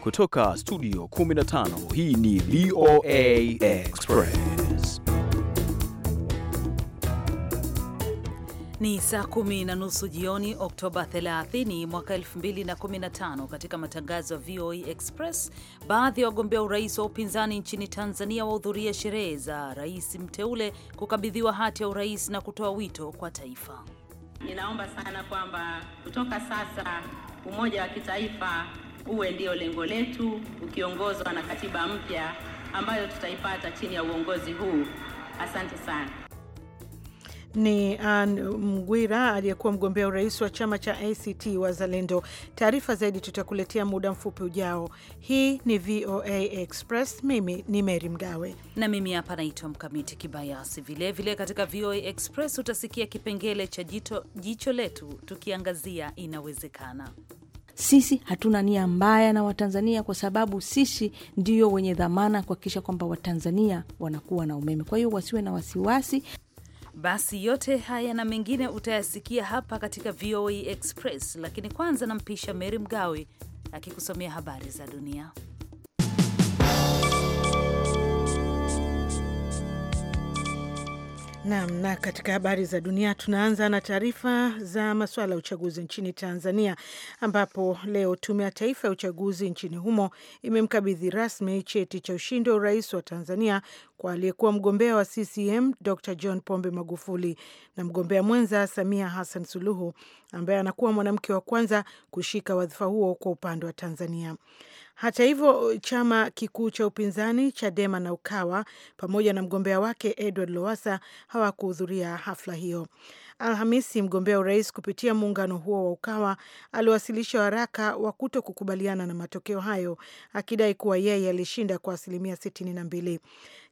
Kutoka studio 15 hii ni VOA Express. Ni saa kumi na nusu jioni, Oktoba 30 mwaka 2015. Katika matangazo ya VOA Express, baadhi ya wagombea urais wa upinzani nchini Tanzania wahudhuria sherehe za rais mteule kukabidhiwa hati ya urais na kutoa wito kwa taifa. Ninaomba sana kwamba kutoka sasa umoja wa kitaifa uwe ndio lengo letu, ukiongozwa na katiba mpya ambayo tutaipata chini ya uongozi huu. Asante sana. Ni Ann Mgwira aliyekuwa mgombea urais wa chama cha ACT Wazalendo. Taarifa zaidi tutakuletea muda mfupi ujao. Hii ni VOA Express. Mimi ni Mary Mgawe na mimi hapa naitwa Mkamiti Kibayasi. Vilevile katika VOA Express utasikia kipengele cha jito, jicho letu tukiangazia inawezekana sisi hatuna nia mbaya na Watanzania kwa sababu sisi ndio wenye dhamana kuhakikisha kwamba Watanzania wanakuwa na umeme, kwa hiyo wasiwe na wasiwasi. Basi yote haya na mengine utayasikia hapa katika VOA e Express, lakini kwanza nampisha mery Mgawe akikusomea habari za dunia. Naam, na katika habari za dunia tunaanza na taarifa za masuala ya uchaguzi nchini Tanzania, ambapo leo tume ya taifa ya uchaguzi nchini humo imemkabidhi rasmi cheti cha ushindi wa urais wa Tanzania kwa aliyekuwa mgombea wa CCM Dr John Pombe Magufuli na mgombea mwenza Samia Hassan Suluhu ambaye anakuwa mwanamke wa kwanza kushika wadhifa huo kwa upande wa Tanzania. Hata hivyo, chama kikuu cha upinzani Chadema na Ukawa pamoja na mgombea wake Edward lowasa hawakuhudhuria hafla hiyo. Alhamisi, mgombea urais kupitia muungano huo wa Ukawa aliwasilisha waraka wa kuto kukubaliana na matokeo hayo akidai kuwa yeye alishinda kwa asilimia sitini na mbili.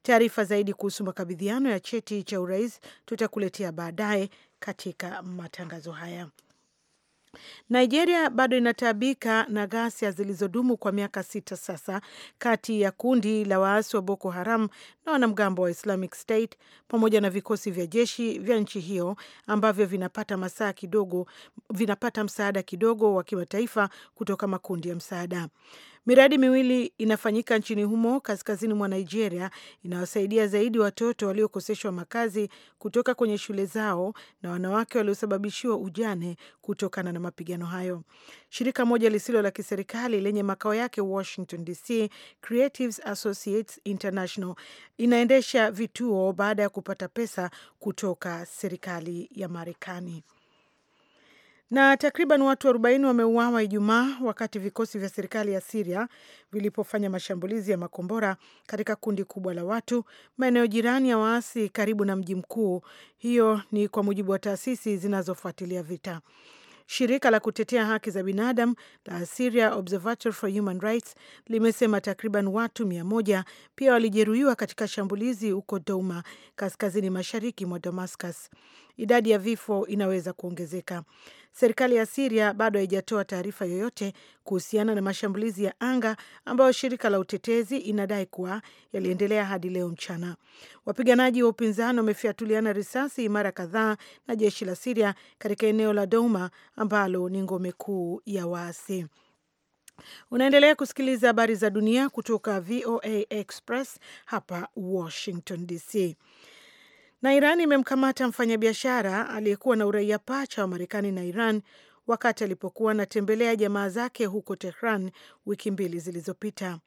Taarifa zaidi kuhusu makabidhiano ya cheti cha urais tutakuletea baadaye katika matangazo haya. Nigeria bado inataabika na ghasia zilizodumu kwa miaka sita sasa kati ya kundi la waasi wa Boko Haram na wanamgambo wa Islamic State pamoja na vikosi vya jeshi vya nchi hiyo ambavyo vinapata masaa kidogo, vinapata msaada kidogo wa kimataifa kutoka makundi ya msaada. Miradi miwili inafanyika nchini humo kaskazini mwa Nigeria inawasaidia zaidi watoto waliokoseshwa makazi kutoka kwenye shule zao na wanawake waliosababishiwa ujane kutokana na mapigano hayo. Shirika moja lisilo la kiserikali lenye makao yake Washington DC, Creatives Associates International inaendesha vituo baada ya kupata pesa kutoka serikali ya Marekani na takriban watu 40 wameuawa Ijumaa wakati vikosi vya serikali ya Siria vilipofanya mashambulizi ya makombora katika kundi kubwa la watu maeneo jirani ya waasi karibu na mji mkuu. Hiyo ni kwa mujibu wa taasisi zinazofuatilia vita. Shirika la kutetea haki za binadamu la Syria Observatory for Human Rights limesema takriban watu mia moja pia walijeruhiwa katika shambulizi huko Douma, kaskazini mashariki mwa Damascus. Idadi ya vifo inaweza kuongezeka. Serikali ya Siria bado haijatoa taarifa yoyote kuhusiana na mashambulizi ya anga ambayo shirika la utetezi inadai kuwa yaliendelea hadi leo mchana. Wapiganaji wa upinzani wamefyatuliana risasi mara kadhaa na jeshi la Siria katika eneo la Douma ambalo ni ngome kuu ya waasi. Unaendelea kusikiliza habari za dunia kutoka VOA Express hapa Washington DC. Na Iran imemkamata mfanyabiashara aliyekuwa na uraia pacha wa Marekani na Iran wakati alipokuwa anatembelea jamaa zake huko Tehran wiki mbili zilizopita.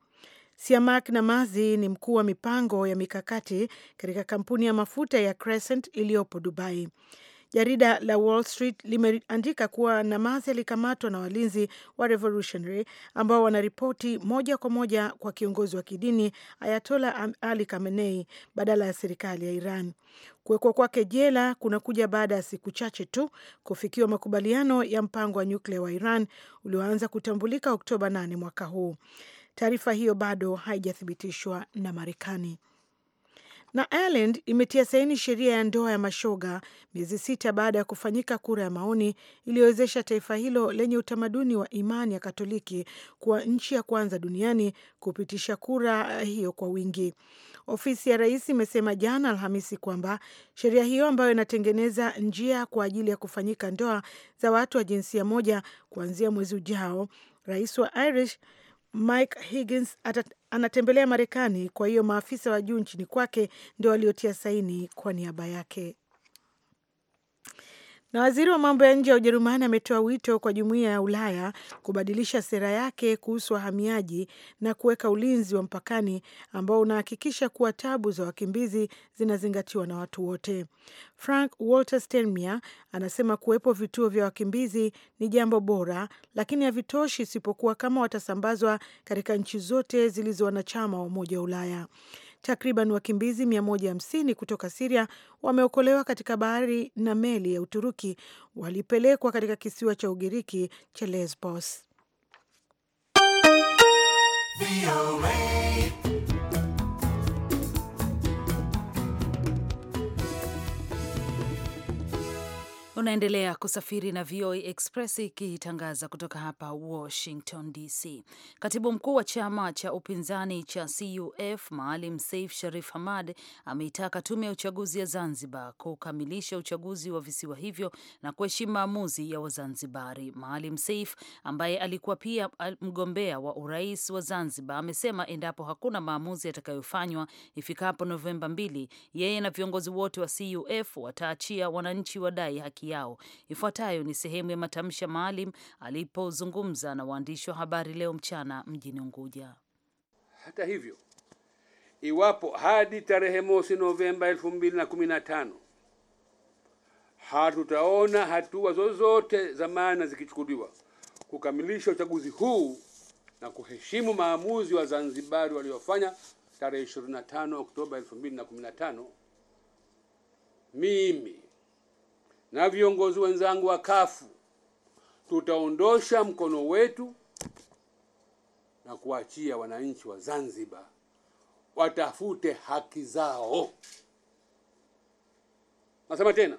Siamak Namazi ni mkuu wa mipango ya mikakati katika kampuni ya mafuta ya Crescent iliyopo Dubai. Jarida la Wall Street limeandika kuwa Namazi alikamatwa na walinzi wa Revolutionary ambao wanaripoti moja kwa moja kwa kiongozi wa kidini Ayatola Ali Khamenei badala ya serikali ya Iran. Kuwekwa kwake jela kunakuja baada ya siku chache tu kufikiwa makubaliano ya mpango wa nyuklia wa Iran ulioanza kutambulika Oktoba 8 mwaka huu. Taarifa hiyo bado haijathibitishwa na Marekani. Na Ireland imetia saini sheria ya ndoa ya mashoga miezi sita baada ya kufanyika kura ya maoni iliyowezesha taifa hilo lenye utamaduni wa imani ya Katoliki kuwa nchi ya kwanza duniani kupitisha kura eh, hiyo kwa wingi. Ofisi ya rais imesema jana Alhamisi kwamba sheria hiyo ambayo inatengeneza njia kwa ajili ya kufanyika ndoa za watu wa jinsia moja kuanzia mwezi ujao, rais wa Irish Mike Higgins atat, anatembelea Marekani, kwa hiyo maafisa wa juu nchini kwake ndio waliotia saini kwa niaba yake. Na waziri wa mambo ya nje ya Ujerumani ametoa wito kwa jumuiya ya Ulaya kubadilisha sera yake kuhusu wahamiaji na kuweka ulinzi wa mpakani ambao unahakikisha kuwa tabu za wakimbizi zinazingatiwa na watu wote. Frank Walter Steinmeier anasema kuwepo vituo vya wakimbizi ni jambo bora, lakini havitoshi isipokuwa kama watasambazwa katika nchi zote zilizo wanachama wa Umoja wa Ulaya. Takriban wakimbizi 150 kutoka Siria wameokolewa katika bahari na meli ya Uturuki walipelekwa katika kisiwa cha Ugiriki cha Lesbos. Unaendelea kusafiri na VOA Express ikitangaza kutoka hapa Washington DC. Katibu mkuu wa chama cha upinzani cha CUF Maalim saif Sharif Hamad ameitaka tume ya uchaguzi ya Zanzibar kukamilisha uchaguzi wa visiwa hivyo na kuheshimu maamuzi ya Wazanzibari. Maalim saif ambaye alikuwa pia mgombea wa urais wa Zanzibar amesema endapo hakuna maamuzi yatakayofanywa ifikapo Novemba mbili, yeye na viongozi wote wa CUF wataachia wananchi wadai haki yao. Ifuatayo ni sehemu ya matamshi ya maalim alipozungumza na waandishi wa habari leo mchana mjini Unguja. Hata hivyo, iwapo hadi tarehe mosi Novemba 2015 hatutaona hatua zozote za maana zikichukuliwa kukamilisha uchaguzi huu na kuheshimu maamuzi wa Zanzibari waliofanya tarehe 25 Oktoba 2015, mimi na viongozi wenzangu wa kafu tutaondosha mkono wetu na kuachia wananchi wa Zanzibar watafute haki zao. Nasema tena,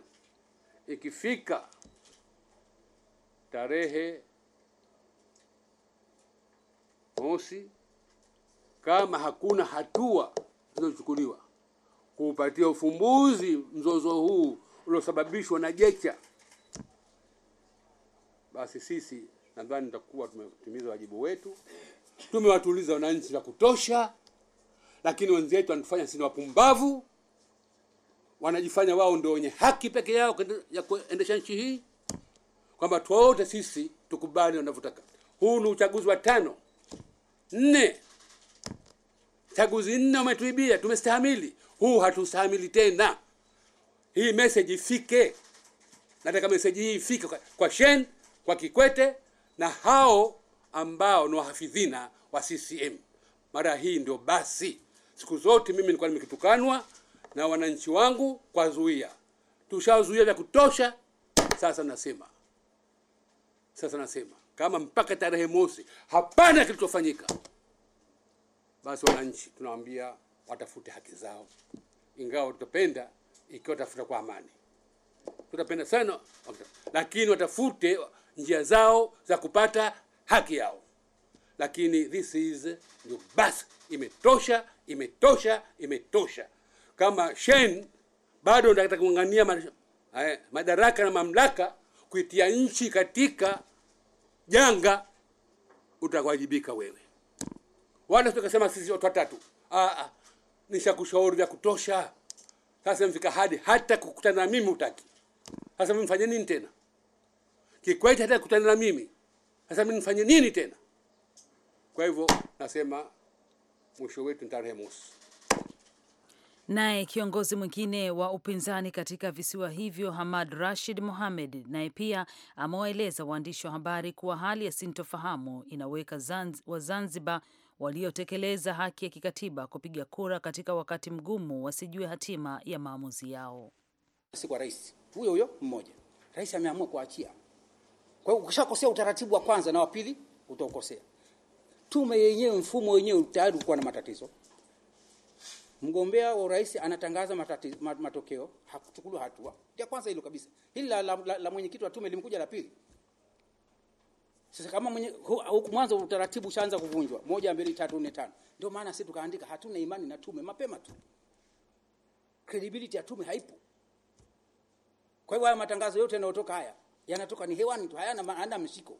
ikifika tarehe mosi, kama hakuna hatua zilizochukuliwa kuupatia ufumbuzi mzozo huu uliosababishwa na Jecha, basi sisi nadhani tutakuwa tumetimiza wajibu wetu. Tumewatuliza wananchi vya kutosha, lakini wenzetu wanatufanya sisi wapumbavu, wanajifanya wao ndio wenye haki peke yao ya kuendesha nchi hii, kwamba tuote sisi tukubali wanavyotaka. Huu ni uchaguzi wa tano nne, chaguzi nne umetuibia, tumestahamili huu, hatustahamili tena hii message ifike. Nataka message hii ifike kwa, Shen, kwa Kikwete na hao ambao ni wahafidhina wa CCM. Mara hii ndio basi. Siku zote mimi nilikuwa nimekitukanwa na wananchi wangu kwa zuia, tushazuia vya kutosha. Sasa nasema sasa nasema kama mpaka tarehe mosi hapana kilichofanyika, basi wananchi tunawambia watafute haki zao, ingawa tutapenda ikiwa tafuta kwa amani. Tutapenda sana lakini watafute njia zao za kupata haki yao, lakini this is ndio basi, imetosha, imetosha, imetosha. Kama Shein bado anataka kung'ang'ania eh, madaraka na mamlaka, kuitia nchi katika janga, utawajibika wewe, wala tukasema sisi watu watatu. Ah, ah, nishakushauri vya kutosha. Sasa mfika hadi hata kukutana na mimi utaki Sasa mimi nifanye nini tena? Kikwete hata kukutana na mimi. Sasa mimi nifanye nini tena? Kwa hivyo nasema mwisho wetu ni tarehe mosi. Naye kiongozi mwingine wa upinzani katika visiwa hivyo Hamad Rashid Mohamed naye pia amewaeleza waandishi wa habari kuwa hali ya sintofahamu inaweka Zanz, Zanzibar waliotekeleza haki ya kikatiba kupiga kura katika wakati mgumu wasijue hatima ya maamuzi yao. Si kwa rais huyo huyo mmoja, rais ameamua kuachia. Kwa hiyo ukishakosea utaratibu wa kwanza na wa pili utaukosea. Tume yenyewe, mfumo wenyewe tayari ulikuwa na matatizo. Mgombea wa urais anatangaza matatizo, matokeo, hakuchukuliwa hatua ya kwanza. Hilo kabisa, hili la, la, la, la mwenyekiti wa tume limekuja la pili. Sasa kama mwenye huku mwanzo utaratibu ushaanza kuvunjwa, moja, mbili, tatu, nne, tano. Ndio maana sisi tukaandika hatuna imani na tume mapema tu, credibility ya tume haipo. Kwa hiyo haya matangazo yote yanayotoka haya yanatoka ni hewani tu, hayana maana mshiko.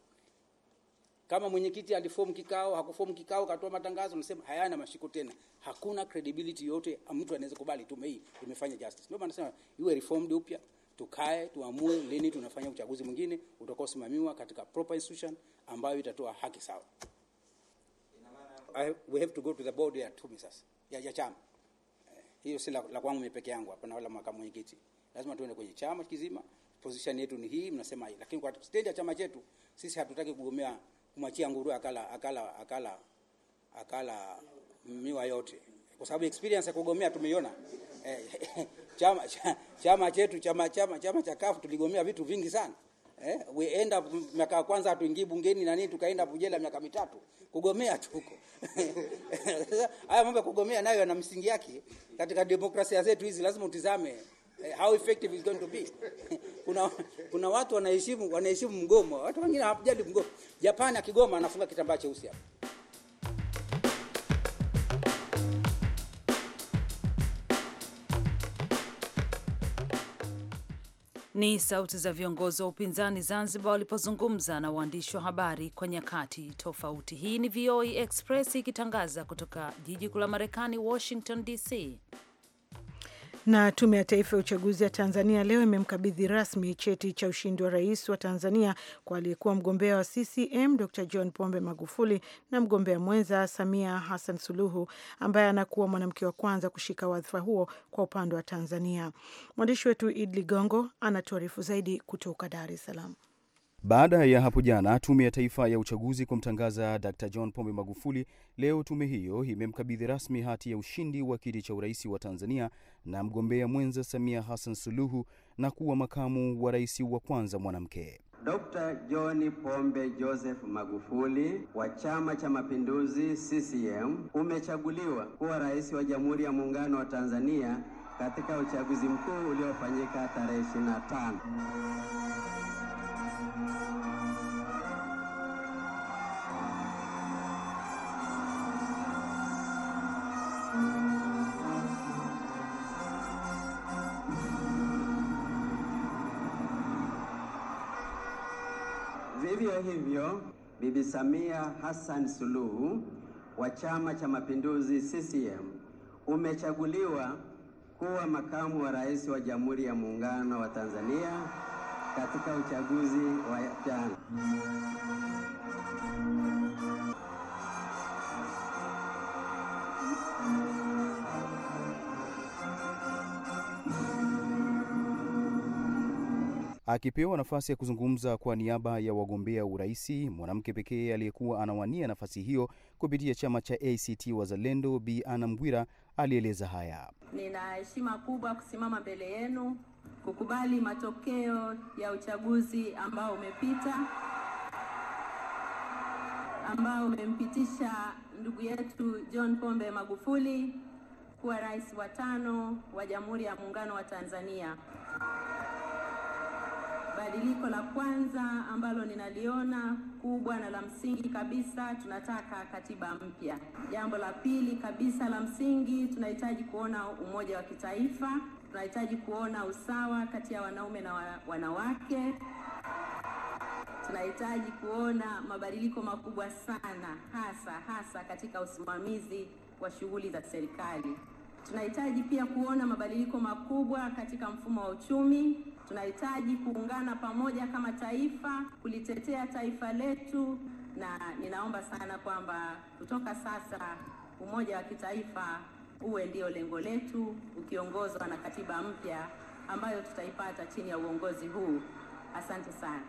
Kama mwenyekiti alifomu kikao, hakufomu kikao, katoa matangazo, msema hayana mashiko tena. Hakuna credibility yote mtu anaweza kubali tume hii imefanya justice. Ndio maana nasema iwe reformed upya tukae tuamue lini tunafanya uchaguzi mwingine utakaosimamiwa katika proper institution ambayo itatoa haki sawa. we have to go to the board ya tumi sasa ya, ya chama eh, hiyo si la, la kwangu mimi peke yangu hapa na wala makamu mwenyekiti. Lazima tuende kwenye chama kizima, position yetu ni hii, mnasema hii, lakini kwa stage ya chama chetu sisi hatutaki kugomea, kumwachia nguruwe akala akala akala akala miwa yote, kwa sababu experience ya kugomea tumeiona. Eh, chama, chama chetu chama chama chama cha kafu tuligomea vitu vingi sana eh, we end up miaka ya kwanza hatuingii bungeni na nini, tukaenda pujela miaka mitatu kugomea tu huko. Haya mambo ya kugomea nayo yana msingi yake katika demokrasia zetu hizi, lazima utizame eh, how effective is going to be. kuna kuna watu wanaheshimu wanaheshimu mgomo, watu wengine hawajali mgomo. Japani akigoma anafunga kitambaa cheusi hapo. Ni sauti za viongozi wa upinzani Zanzibar walipozungumza na waandishi wa habari kwa nyakati tofauti. Hii ni VOA Express ikitangaza kutoka jiji kuu la Marekani, Washington DC. Na Tume ya Taifa ya Uchaguzi ya Tanzania leo imemkabidhi rasmi cheti cha ushindi wa rais wa Tanzania kwa aliyekuwa mgombea wa CCM Dr John Pombe Magufuli na mgombea mwenza Samia Hassan Suluhu ambaye anakuwa mwanamke wa kwanza kushika wadhifa huo kwa upande wa Tanzania. Mwandishi wetu Id Ligongo anatuarifu zaidi kutoka Dar es Salaam. Baada ya hapo jana, Tume ya Taifa ya Uchaguzi kumtangaza d John Pombe Magufuli, leo tume hiyo imemkabidhi rasmi hati ya ushindi wa kiti cha urais wa Tanzania na mgombea mwenza Samia Hassan Suluhu na kuwa makamu wa rais wa kwanza mwanamke. d John Pombe Joseph Magufuli wa Chama cha Mapinduzi CCM umechaguliwa kuwa rais wa Jamhuri ya Muungano wa Tanzania katika uchaguzi mkuu uliofanyika tarehe 25 Vivyo hivyo Bibi Samia Hassan Suluhu wa Chama cha Mapinduzi CCM umechaguliwa kuwa makamu wa rais wa Jamhuri ya Muungano wa Tanzania katika uchaguzi wa jana. Akipewa nafasi ya kuzungumza kwa niaba ya wagombea uraisi, mwanamke pekee aliyekuwa anawania nafasi hiyo kupitia chama cha ACT Wazalendo, Bi Anna mgwira alieleza haya: nina heshima kubwa kusimama mbele yenu kukubali matokeo ya uchaguzi ambao umepita ambao umempitisha ndugu yetu John Pombe Magufuli kuwa rais wa tano wa Jamhuri ya Muungano wa Tanzania. Badiliko la kwanza ambalo ninaliona kubwa na la msingi kabisa, tunataka katiba mpya. Jambo la pili kabisa la msingi, tunahitaji kuona umoja wa kitaifa tunahitaji kuona usawa kati ya wanaume na wanawake. Tunahitaji kuona mabadiliko makubwa sana, hasa hasa katika usimamizi wa shughuli za serikali. Tunahitaji pia kuona mabadiliko makubwa katika mfumo wa uchumi. Tunahitaji kuungana pamoja kama taifa kulitetea taifa letu, na ninaomba sana kwamba kutoka sasa umoja wa kitaifa uwe ndio lengo letu, ukiongozwa na katiba mpya ambayo tutaipata chini ya uongozi huu. Asante sana.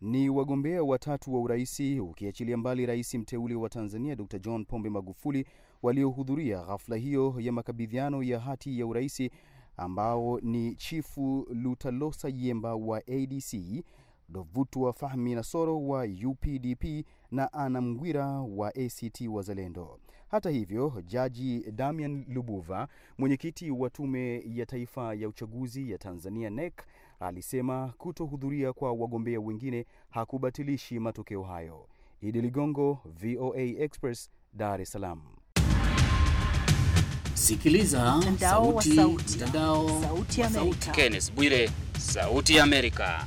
Ni wagombea watatu wa uraisi ukiachilia mbali rais mteule wa Tanzania Dr. John Pombe Magufuli waliohudhuria ghafla hiyo ya makabidhiano ya hati ya uraisi ambao ni Chifu Lutalosa Yemba wa ADC, Dovutwa Fahmi Nasoro wa UPDP na Ana Mgwira wa ACT Wazalendo. Hata hivyo, Jaji Damian Lubuva, mwenyekiti wa Tume ya Taifa ya Uchaguzi ya Tanzania NEC, alisema kutohudhuria kwa wagombea wengine hakubatilishi matokeo hayo. Idi Ligongo, VOA Express, Dar es Salaam. Sikiliza mtandao sauti, sauti, sauti, sauti Amerika.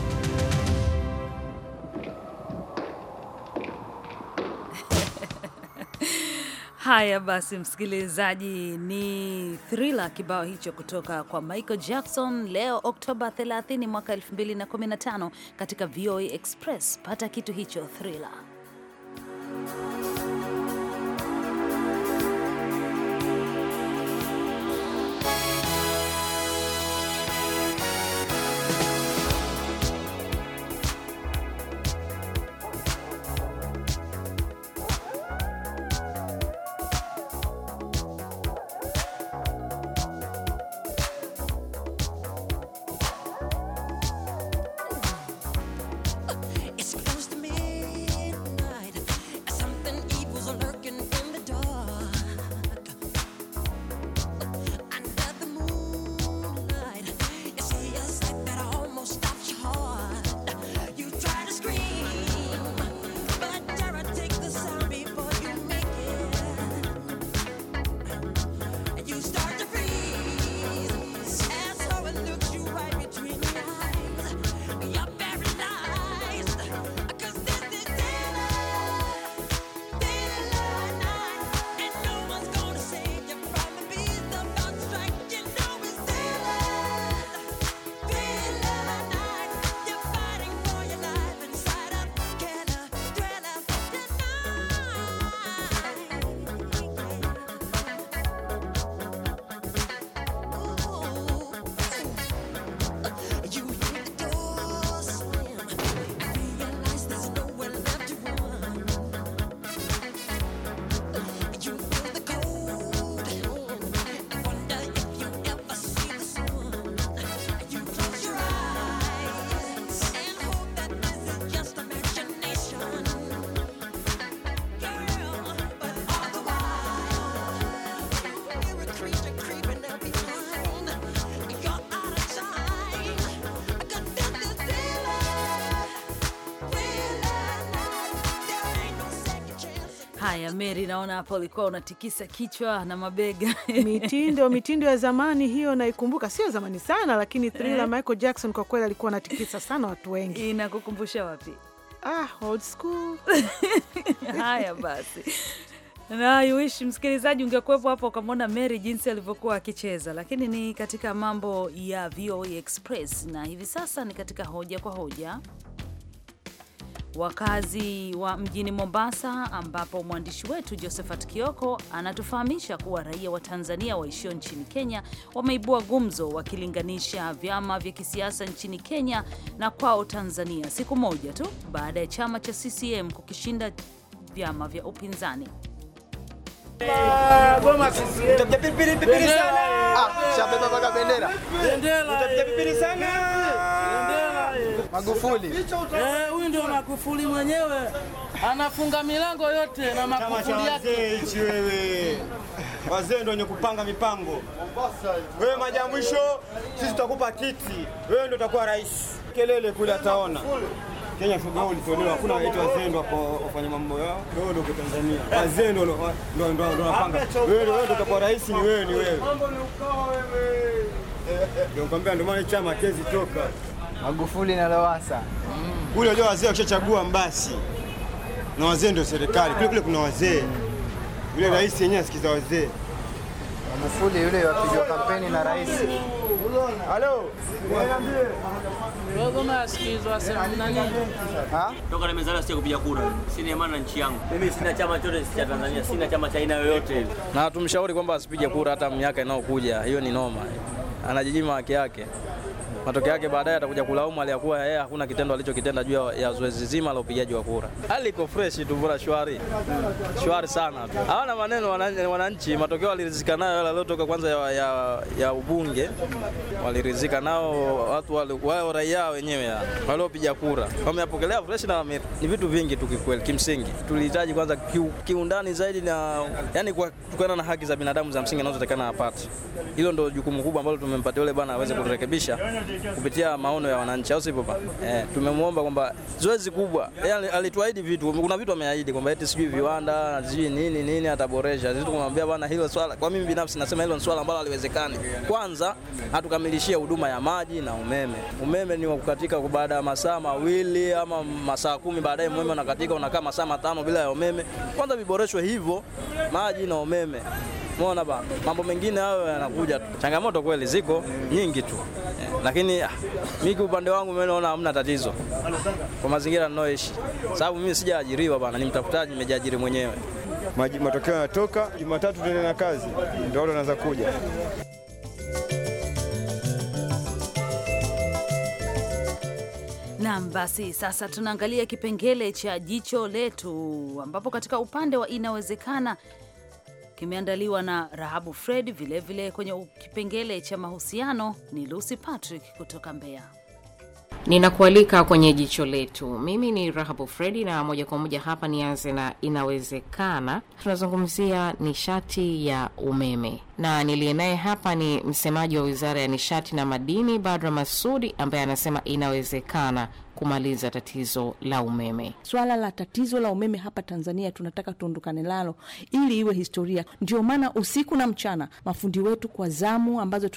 Haya basi, msikilizaji, ni Thriller kibao hicho kutoka kwa Michael Jackson, leo Oktoba 30 mwaka 2015 katika VOA e Express. Pata kitu hicho Thriller. Meri, naona hapa ulikuwa unatikisa kichwa na mabega mitindo mitindo ya zamani hiyo, naikumbuka, sio zamani sana, lakini Thriller eh? Michael Jackson kwa kweli alikuwa anatikisa sana watu wengi. Inakukumbusha wapi? Ah, old school haya basi na msikilizaji, ungekuwepo hapo ukamwona Mary jinsi alivyokuwa akicheza. Lakini ni katika mambo ya VOA e Express, na hivi sasa ni katika hoja kwa hoja wakazi wa mjini Mombasa, ambapo mwandishi wetu Josephat Kioko anatufahamisha kuwa raia wa Tanzania waishio nchini Kenya wameibua gumzo wakilinganisha vyama vya kisiasa nchini Kenya na kwao Tanzania, siku moja tu baada ya chama cha CCM kukishinda vyama vya upinzani. Magufuli. Eh, huyu ndio Magufuli mwenyewe anafunga milango yote na Magufuli yake. wewe. Wazee ndio wenye kupanga mipango. Wewe maja mwisho sisi tutakupa kiti. Wewe ndio utakuwa rais. Kelele kule ataona. Kenya fuga ulitolewa, hakuna waiti wazendo hapo wafanya mambo yao. Wewe ndio Tanzania. Wazendo ndio ndio wanapanga. Wewe ndio utakuwa rais ni wewe ni wewe. Mambo ni ukawa wewe. Eh, eh, ndio kwambia ndio maana chama kezi toka. Magufuli na Lowassa mm. Kule unajua wazee wakishachagua mbasi na wazee ndio serikali. Kule kule kuna wazee, yule ah. rais yenyewe asikiza wazee. Magufuli yule wapiga kampeni na rais Halo. Ha? Toka nimezaliwa sija kupiga kura. Sina imani na nchi yangu. Mimi sina chama chote cha Tanzania, sina chama cha aina yoyote. Na tumshauri kwamba asipige kura hata miaka inayokuja. Hiyo ni noma. Anajijima haki yake matokeo yake baadaye atakuja kulaumu aliyakuwa yeye hakuna kitendo alichokitenda juu ya zoezi zima la upigaji wa kura. Hali iko fresh tu, bora shwari shwari sana tu, hawana maneno wananchi. Matokeo walirizika nayo, yale yaliyotoka kwanza ya, ya, ya ubunge walirizika nao watu wale, wao, raia wenyewe waliopiga kura wameapokelea fresh, na wame, ni vitu vingi tu kikweli. Kimsingi tulihitaji kwanza kiundani ki zaidi na yani kwa kutokana na haki za binadamu za msingi anazotakana apate. Hilo ndio jukumu kubwa ambalo tumempatia yule bwana aweze kurekebisha kupitia maono ya wananchi, au sivyo? Eh, tumemwomba kwamba zoezi kubwa, yani alituahidi vitu, kuna vitu ameahidi kwamba eti sijui viwanda sijui nini nini ataboresha. Sisi tumwambia bwana, hilo swala kwa mimi binafsi nasema hilo swala ambalo haliwezekani. Kwanza hatukamilishie huduma ya maji na umeme. Umeme ni wa kukatika baada ya masaa mawili ama masaa kumi, baadaye umeme unakatika, unakaa masaa matano bila ya umeme. Kwanza viboreshwe hivyo, maji na umeme. Umeona bana, mambo mengine hayo yanakuja tu. Changamoto kweli ziko nyingi tu, eh, lakini mimi ah, kwa upande wangu mimi naona hamna tatizo kwa mazingira ninayoishi, sababu mimi sijaajiriwa bana, ni mtafutaji, nimejiajiri mwenyewe. Matokeo yanatoka Jumatatu, tunaendelea na kazi, ndio watu wanaanza kuja. Nam, basi sasa tunaangalia kipengele cha jicho letu, ambapo katika upande wa inawezekana kimeandaliwa na Rahabu Fred. Vilevile kwenye kipengele cha mahusiano ni Lucy Patrick kutoka Mbeya. Ninakualika kwenye jicho letu. Mimi ni Rahabu Fredi, na moja kwa moja hapa nianze na inawezekana. Tunazungumzia nishati ya umeme, na niliye naye hapa ni msemaji wa wizara ya nishati na madini, Badra Masudi, ambaye anasema inawezekana kumaliza tatizo la umeme. Swala la tatizo la umeme hapa Tanzania tunataka tuondokane nalo ili iwe historia. Ndio maana usiku na mchana mafundi wetu kwa zamu ambazo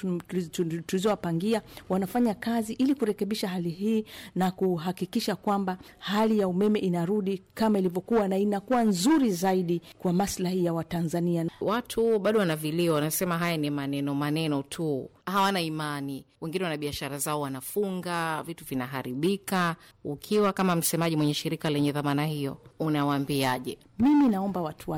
tulizowapangia wanafanya kazi ili kurekebisha hali hii na kuhakikisha kwamba hali ya umeme inarudi kama ilivyokuwa na inakuwa nzuri zaidi kwa maslahi ya Watanzania. Watu bado wanavilia, wanasema haya ni maneno maneno tu hawana imani, wengine wana biashara zao wanafunga, vitu vinaharibika. Ukiwa kama msemaji mwenye shirika lenye dhamana hiyo, unawaambiaje? Mimi naomba watu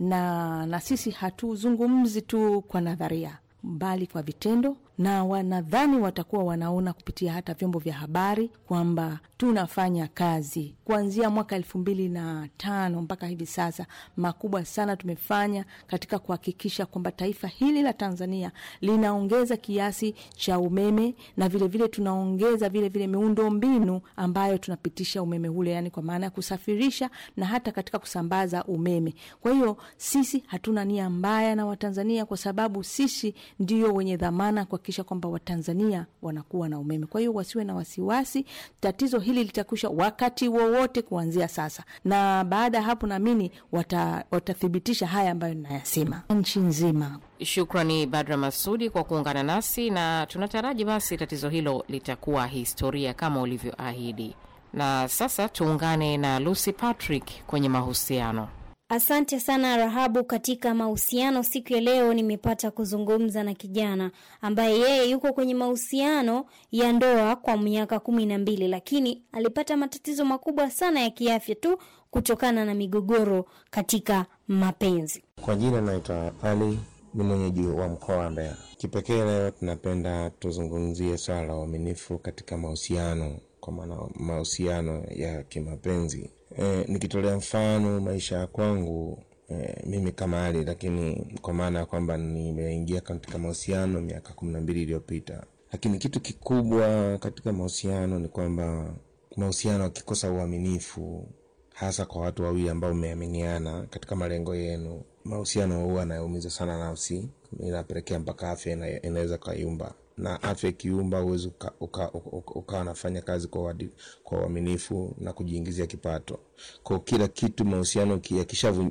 na na sisi hatuzungumzi tu kwa nadharia, mbali kwa vitendo na wanadhani watakuwa wanaona kupitia hata vyombo vya habari kwamba tunafanya kazi kuanzia mwaka elfu mbili na tano mpaka hivi sasa. Makubwa sana tumefanya katika kuhakikisha kwamba taifa hili la Tanzania linaongeza kiasi cha umeme na vilevile vile tunaongeza vilevile miundo mbinu ambayo tunapitisha umeme hule yani kwa maana ya kusafirisha na hata katika kusambaza umeme. Kwa hiyo sisi hatuna nia mbaya na Watanzania kwa sababu sisi ndio wenye dhamana kwa kuhakikisha kwamba Watanzania wanakuwa na umeme. Kwa hiyo wasiwe na wasiwasi, tatizo hili litakwisha wakati wowote kuanzia sasa, na baada ya hapo naamini wata, watathibitisha haya ambayo ninayasema nchi nzima. Shukrani Badra Masudi kwa kuungana nasi, na tunataraji basi tatizo hilo litakuwa historia kama ulivyoahidi. Na sasa tuungane na Lucy Patrick kwenye mahusiano. Asante sana Rahabu. Katika mahusiano siku ya leo nimepata kuzungumza na kijana ambaye yeye yuko kwenye mahusiano ya ndoa kwa miaka kumi na mbili, lakini alipata matatizo makubwa sana ya kiafya tu kutokana na migogoro katika mapenzi. Kwa jina naitwa Ali, ni mwenyeji wa mkoa wa Mbeya. Kipekee leo tunapenda tuzungumzie swala la uaminifu katika mahusiano, kwa maana mahusiano ya kimapenzi Eh, nikitolea mfano maisha ya kwangu eh, mimi kama Ali, lakini kwa maana ya kwamba nimeingia katika mahusiano miaka kumi na mbili iliyopita, lakini kitu kikubwa katika mahusiano ni kwamba mahusiano akikosa uaminifu hasa kwa watu wawili ambao mmeaminiana katika malengo yenu, mahusiano huwa anayaumiza sana nafsi, inapelekea mpaka afya inaweza kayumba na afya kiumba uweze ukawa uka, uka, uka, uka nafanya kazi kwa wadi, kwa uaminifu na kujiingizia kipato. Kwa kila kitu mahusiano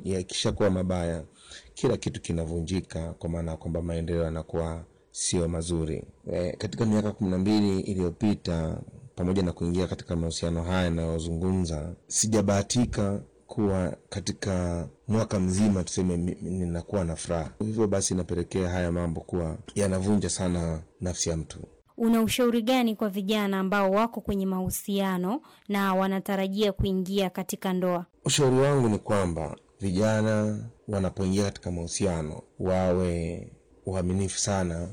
yakishakuwa mabaya, kila kitu kinavunjika, kwa maana ya kwamba maendeleo yanakuwa sio mazuri. E, katika miaka kumi na mbili iliyopita pamoja na kuingia katika mahusiano haya yanayozungumza, sijabahatika kuwa katika mwaka mzima tuseme ninakuwa na furaha, hivyo basi inapelekea haya mambo kuwa yanavunja sana nafsi ya mtu. Una ushauri gani kwa vijana ambao wako kwenye mahusiano na wanatarajia kuingia katika ndoa? Ushauri wangu ni kwamba vijana wanapoingia katika mahusiano wawe uaminifu sana,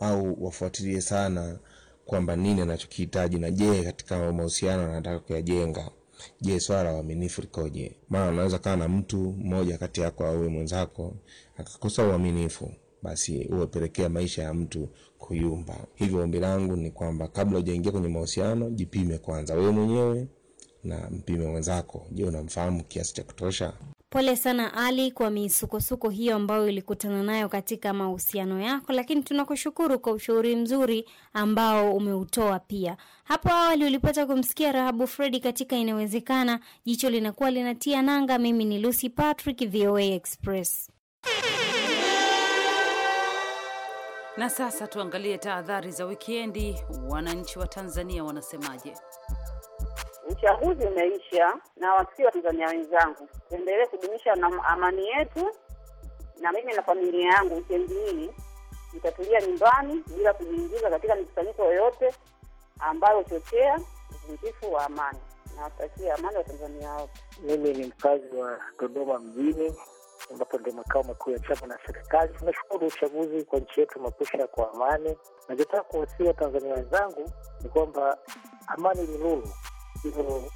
au wafuatilie sana kwamba nini anachokihitaji na je, katika mahusiano anataka kuyajenga Je, swala la uaminifu likoje? Maana unaweza kaa na mtu mmoja kati yako au mwenzako akakosa uaminifu basi uwapelekea maisha ya mtu kuyumba. Hivyo ombi langu ni kwamba kabla hujaingia kwenye mahusiano, jipime kwanza wewe mwenyewe na mpime mwenzako. Je, unamfahamu kiasi cha kutosha? Pole sana Ali kwa misukosuko hiyo ambayo ilikutana nayo katika mahusiano yako, lakini tunakushukuru kwa ushauri mzuri ambao umeutoa pia. Hapo awali ulipata kumsikia Rahabu Fredi katika Inawezekana, jicho linakuwa linatia nanga. Mimi ni Lucy Patrick, VOA Express. Na sasa tuangalie tahadhari za wikendi. Wananchi wa Tanzania wanasemaje? uchaguzi umeisha, na wa tanzania wenzangu, tuendelee kudumisha na amani yetu, na mimi na familia yangu wikendi hii nitatulia nyumbani bila kujiingiza katika mikusanyiko yoyote ambayo huchochea uvunjifu wa amani. Nawatakia amani wa tanzania wote. Mimi ni mkazi wa Dodoma mjini ambapo ndio makao makuu ya chama na serikali. Tunashukuru uchaguzi kwa nchi yetu umekwisha kwa amani. Nachotaka kuwasia tanzania wenzangu ni kwamba amani ni nuru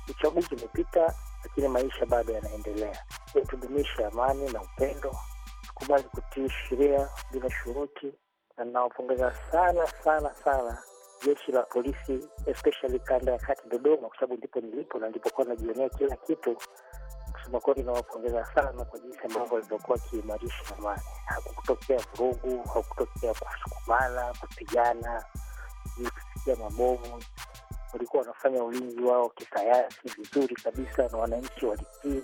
uchaguzi umepita, lakini maisha bado yanaendelea. Tudumishe amani na upendo, tukubali kutii sheria bila shuruti, na nawapongeza sana sana sana jeshi la polisi, especially kanda ya kati Dodoma, kwa sababu ndipo nilipo na ndipokuwa najionea kila kitu. Kusema kweli, nawapongeza sana kwa jinsi ambavyo walivyokuwa wakiimarisha amani. Hakukutokea vurugu, hakukutokea kusukumana, kupigana, kusikia mabovu walikuwa wanafanya ulinzi wao kisayansi vizuri kabisa, na wananchi walikii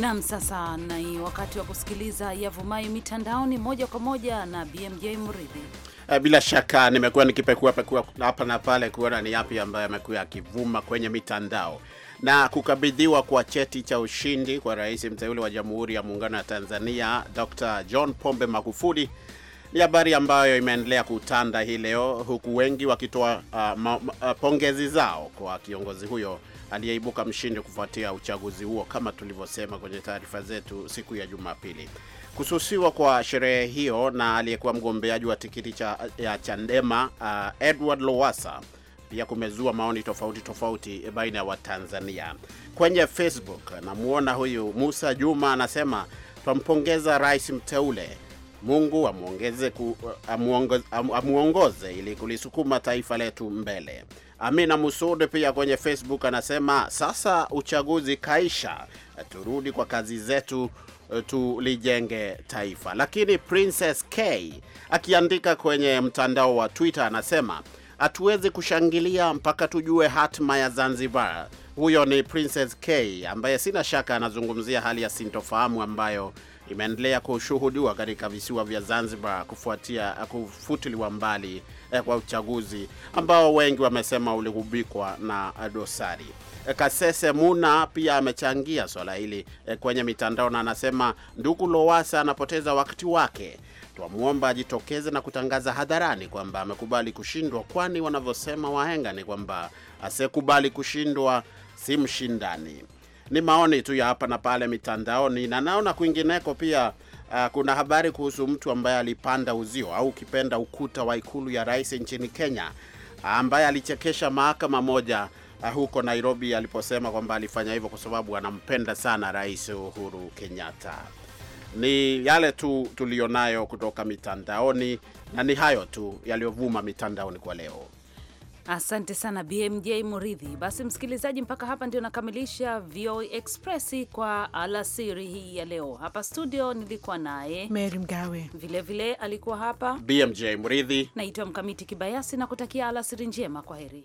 Nam, sasa ni wakati wa kusikiliza Yavumai Mitandaoni moja kwa moja na BMJ mridhi eh, Bila shaka nimekuwa nikipekua pekua hapa na pale kuona ni yapi ambayo amekuwa akivuma kwenye mitandao na kukabidhiwa kwa cheti cha ushindi kwa rais mteule wa Jamhuri ya Muungano wa Tanzania Dr. John Pombe Magufuli ni habari ambayo imeendelea kutanda hii leo, huku wengi wakitoa uh, uh, pongezi zao kwa kiongozi huyo aliyeibuka mshindi kufuatia uchaguzi huo, kama tulivyosema kwenye taarifa zetu siku ya Jumapili. Kususiwa kwa sherehe hiyo na aliyekuwa mgombeaji wa tikiti cha, ya Chandema uh, Edward Lowassa pia kumezua maoni tofauti tofauti eh, baina ya Watanzania kwenye Facebook. Namwona huyu Musa Juma anasema twampongeza rais mteule, Mungu amuongeze ku, eh, amuongoze ili kulisukuma taifa letu mbele. Amina Musud pia kwenye Facebook anasema sasa uchaguzi kaisha, turudi kwa kazi zetu eh, tulijenge taifa. Lakini Princess K akiandika kwenye mtandao wa Twitter anasema hatuwezi kushangilia mpaka tujue hatma ya Zanzibar. Huyo ni Princess K ambaye sina shaka anazungumzia hali ya sintofahamu ambayo imeendelea kushuhudiwa katika visiwa vya Zanzibar kufuatia kufutiliwa mbali eh, kwa uchaguzi ambao wengi wamesema uligubikwa na dosari. Eh, Kasese Muna pia amechangia swala hili eh, kwenye mitandao na anasema ndugu Lowasa anapoteza wakati wake wamwomba ajitokeze na kutangaza hadharani kwamba amekubali kushindwa, kwani wanavyosema wahenga ni kwamba asiyekubali kushindwa si mshindani. Ni maoni tu ya hapa na pale mitandaoni na naona kwingineko pia. Uh, kuna habari kuhusu mtu ambaye alipanda uzio au ukipenda ukuta wa ikulu ya rais nchini Kenya ambaye alichekesha mahakama moja uh, huko Nairobi aliposema kwamba alifanya hivyo kwa sababu anampenda sana Rais Uhuru Kenyatta ni yale tu tuliyonayo kutoka mitandaoni, na ni hayo tu yaliyovuma mitandaoni kwa leo. Asante sana BMJ Muridhi. Basi msikilizaji, mpaka hapa ndio nakamilisha VOA e Express kwa alasiri hii ya leo. Hapa studio nilikuwa naye Meri Mgawe, vilevile alikuwa hapa BMJ Muridhi. Naitwa Mkamiti Kibayasi na kutakia alasiri njema, kwa heri.